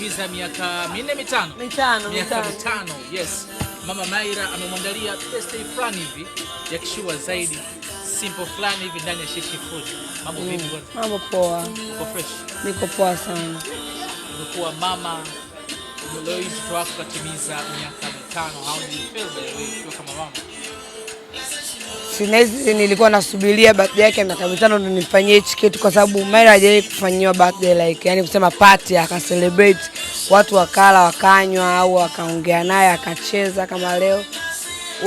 kutimiza miaka minne mitano mitano miaka mitano yes. Mama Maira amemwandalia birthday fulani hivi ya kishua zaidi simple fulani hivi ndani ya Shishi Food. Mambo vipi bwana? Mm, mambo poa. Uko fresh? Niko poa sana. Umekuwa mama leo, mtoto wako kutimiza miaka mitano. How do you feel by the way, kama mama? Finaizi nilikuwa nasubiria birthday yake miaka mitano ndo nifanyie hichi kitu, kwa sababu mara hajawahi kufanyiwa birthday like, yani kusema party aka celebrate watu wakala wakanywa au wakaongea naye akacheza kama leo,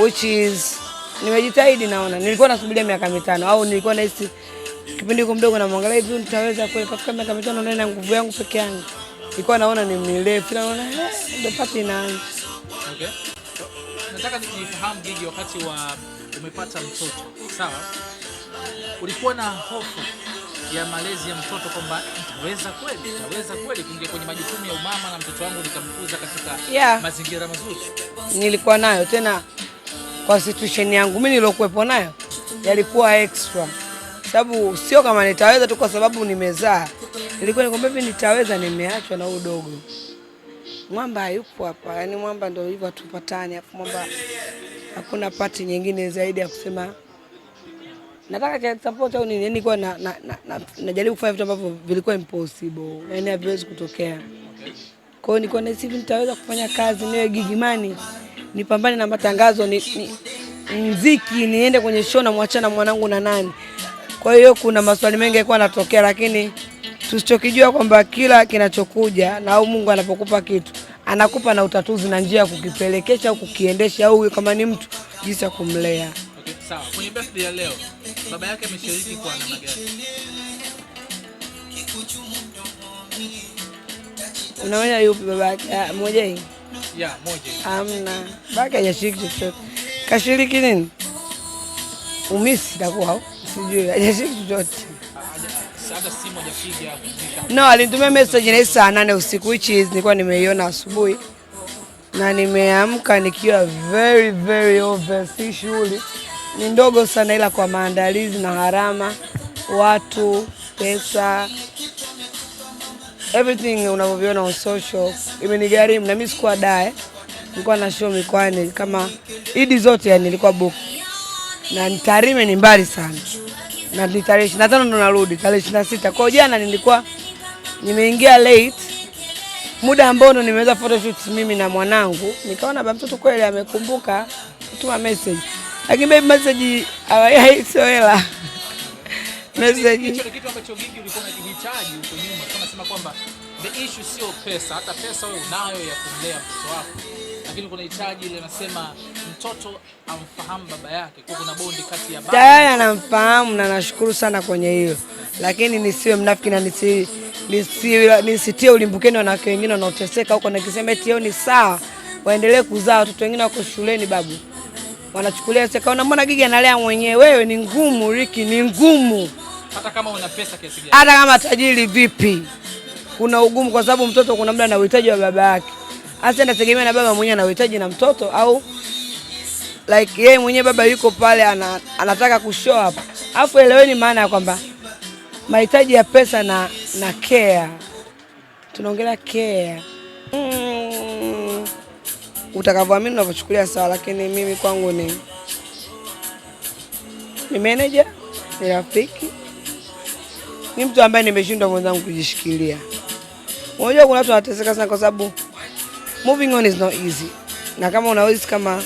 which is nimejitahidi. Naona nilikuwa nasubiria miaka mitano au nilikuwa nahisi kipindi huko mdogo namwangalia hivi, nitaweza kweli kafika miaka mitano na nguvu yangu peke yangu? Nilikuwa naona ni mrefu, naona eh, ndo party inaanza. Okay, nataka nikifahamu gigi wakati wa umepata mtoto sawa, ulikuwa na hofu ya malezi ya mtoto kwamba nitaweza kweli, nitaweza kweli kuingia kwenye majukumu ya umama na mtoto wangu nikamkuza katika yeah, mazingira mazuri. Nilikuwa nayo tena kwa situation yangu mimi niliokuwepo nayo yalikuwa extra, sababu sio kama nitaweza tu kwa sababu nimezaa. Nilikuwa nikwambia hivi, nitaweza, nimeachwa na udogo. Mwamba yupo hapa, yani mwamba ndio hivyo, tupatane afu mwamba hakuna pati nyingine zaidi ya kusema nataka kia support au nini, yani kwa na, na, na, na, najaribu kufanya vitu ambavyo vilikuwa impossible, yani haviwezi kutokea. Kwa hiyo nilikuwa na hivi nitaweza kufanya kazi niwe gigimani, nipambane na matangazo ni, ni, mziki niende kwenye show na mwachana mwanangu na nani. Kwa hiyo kuna maswali mengi yalikuwa yanatokea, lakini tusichokijua kwamba kila kinachokuja na au Mungu anapokupa kitu anakupa na utatuzi na njia ya kukipelekesha au kukiendesha, au kama ni mtu jinsi ya kumlea. sawa. Kwenye Unaona yupi baba yake? Ah, moja hii ya moja, amna baba hajashiriki chochote. Kashiriki nini? Umisi takuwa sijui, hajashiriki chochote No, alinitumia message na saa nane usiku which is nilikuwa nimeiona asubuhi na nimeamka nikiwa very very over, si shughuli ni ndogo sana, ila kwa maandalizi na gharama, watu, pesa, everything unavyoviona on social imenigharimu, na mimi sikuwa dae, nilikuwa na show mikoani kama idi zote, yani nilikuwa book na Tarime ni mbali sana na tarehe ishirini na tano ndo narudi tarehe ishirini na sita kwao. Jana nilikuwa nimeingia late muda ambao ndo nimeweza photoshoot mimi na mwanangu, nikaona baba mtoto kweli amekumbuka kutuma message, lakini baby message hawayai sio hela message. ni kitu ambacho mingi ulikuwa unakihitaji huko nyuma, kama sema kwamba the issue sio pesa, hata pesa wewe unayo ya kumlea mtoto wako, lakini kuna hitaji ile nasema mtoto amfahamu baba yake, kwa kuna bondi kati ya baba tayari anamfahamu, na nashukuru sana kwenye hiyo lakini nisiwe mnafiki na nisi nisitie ulimbukeni wanawake wengine wanaoteseka huko, nikisema eti yao ni sawa, waendelee kuzaa watoto wengine wako shuleni, babu wanachukulia kaona mbona Gigi analea mwenyewe? Wewe ni ngumu, Riki ni ngumu, hata kama una pesa kiasi gani, hata kama tajiri vipi, kuna ugumu, kwa sababu mtoto kuna muda na uhitaji wa baba yake hasa, nategemea na baba mwenyewe ana uhitaji na mtoto au like yeye mwenyewe baba yuko pale ana, anataka kushow up, alafu eleweni maana ya kwamba mahitaji ya pesa na, na care tunaongelea care mm, utakavyoamini unavyochukulia sawa, lakini mimi kwangu ni ni manager, ni rafiki, ni mtu ambaye nimeshindwa mwenzangu kujishikilia. Unajua kuna watu wanateseka sana kwa sababu moving on is not easy, na kama unawezi kama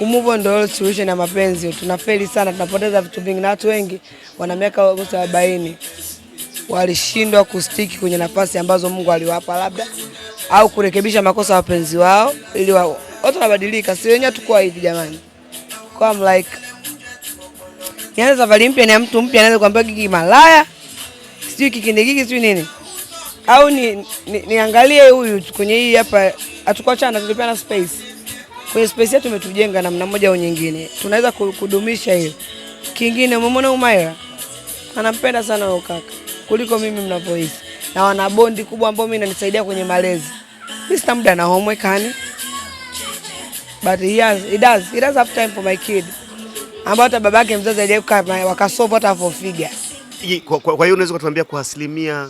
kumuvo ndo ndio solution ya mapenzi. Tunafeli sana, tunapoteza vitu vingi, na watu wengi wana miaka almost 40 walishindwa kustiki kwenye nafasi ambazo Mungu aliwapa labda, au kurekebisha makosa ya wapenzi wao, ili wao watu wanabadilika, si wenyewe tukua hivi jamani. Kwa I'm like nianza safari mpya na mtu mpya, anaweza kuambia kiki malaya, sijui kikindigiki, sijui nini au niangalie ni, ni huyu kwenye hii hapa, hatukuachana tulipeana space kwenye space yetu umetujenga namna moja au nyingine, tunaweza kudumisha hiyo. Kingine umemwona Umaira anampenda sana huyo kaka kuliko mimi mnavyohisi, na wana bondi kubwa ambayo mimi inanisaidia kwenye malezi. Mimi sina muda na homework hani, but he has, he does, he does have time for my kid, ambao hata babake mzazi hajakaa wakasopo hata for figure. Kwa, kwa, kwa hiyo unaweza kutuambia kwa asilimia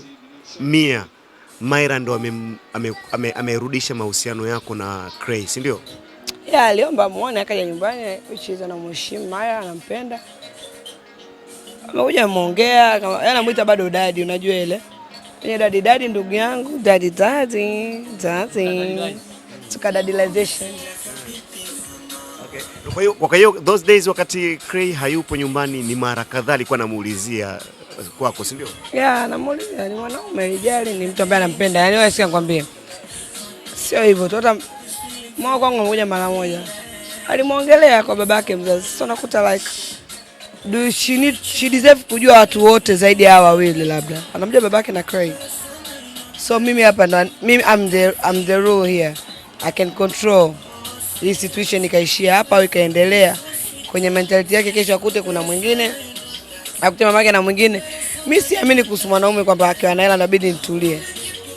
mia Maira ndo amerudisha ame, ame, ame mahusiano yako na Cray, si ndio? ya aliomba muone, akaja nyumbani uchiza na mheshimu haya, anampenda amekuja mwongea, anamwita bado dadi, unajua ile kwenye dadi dadi, ndugu yangu dadi dadi dadi, tukadadilization. Okay. Kwa hiyo those days wakati Cray hayupo nyumbani, ni mara kadhaa alikuwa anamuulizia kwako, si ndio? Yeah, anamuulizia, ni mwanaume ijali, ni mtu ambaye anampenda, yaani wewe sikwambia sio hivyo tu hata mama kwangu amekuja mara moja, alimwongelea kwa babake mzazi. Sasa nakuta like do she need she deserve kujua watu wote zaidi ya hawa wawili, labda anamjua babake na Craig. So mimi hapa na mimi I'm the I'm the rule here, I can control hii situation, ikaishia hapa au ikaendelea kwenye mentality yake, kesho akute kuna mwingine akute mamake na mwingine. Mimi siamini kuhusu mwanaume kwamba akiwa na hela inabidi nitulie.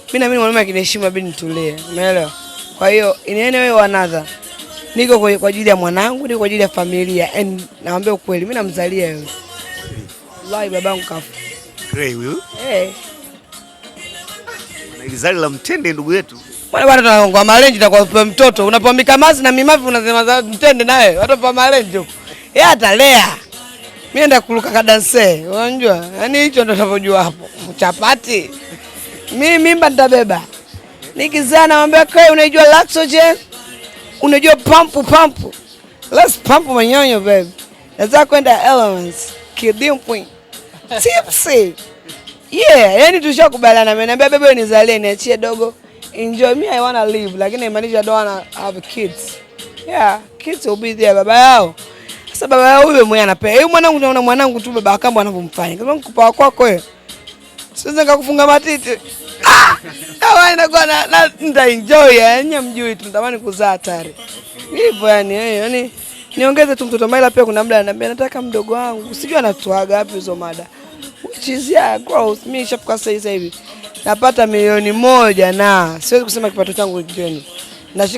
Mimi naamini mwanaume akiniheshimu inabidi nitulie, umeelewa? Kwa hiyo in any way or niko kwa ajili ya mwanangu, niko kwa ajili ya familia, and naambia ukweli, mimi namzalia yeye. Wallahi babangu kafu Grey will. Eh. Zali la mtende ndugu yetu. Bwana watu wanaongwa malenji na kwa mtoto unapomika mazi na mimavi unasema za mtende naye Watu pa malenji huko. Yeye atalea. Mimi naenda kuluka dance, Unajua? Yaani hicho ndio tunavyojua hapo. Chapati. Mimi mimba nitabeba. Nikizaa namwambia kae, unajua laxogen, unajua pampu pampu. Let's pump manyonyo baby. Nataka kwenda Elements. Kidimpwi. Tipsy. Yeah, yani tushakubaliana. Ameniambia bebe wewe nizalie niachie dogo. Enjoy me I wanna live, lakini imaanisha I don't wanna have kids. Yeah, kids will be there baba yao. Sasa baba yao huyo mwenye anapea. Yeye mwanangu naona mwanangu tu baba akambo anavyomfanya. Kama mkupa kwako wewe. Siwezi nikakufunga matiti. Kama inakuwa na, na nda enjoy yenye eh, mjui tu kuzaa tare. Hivyo yani hiyo eh, ni niongeze tu mtoto maila pia kuna muda ananiambia nataka mdogo wangu. Sijui anatoaga wapi hizo mada. Uchizi ya gross. mimi shafuka sasa hivi. Napata milioni moja na siwezi kusema kipato changu kijioni. Nashika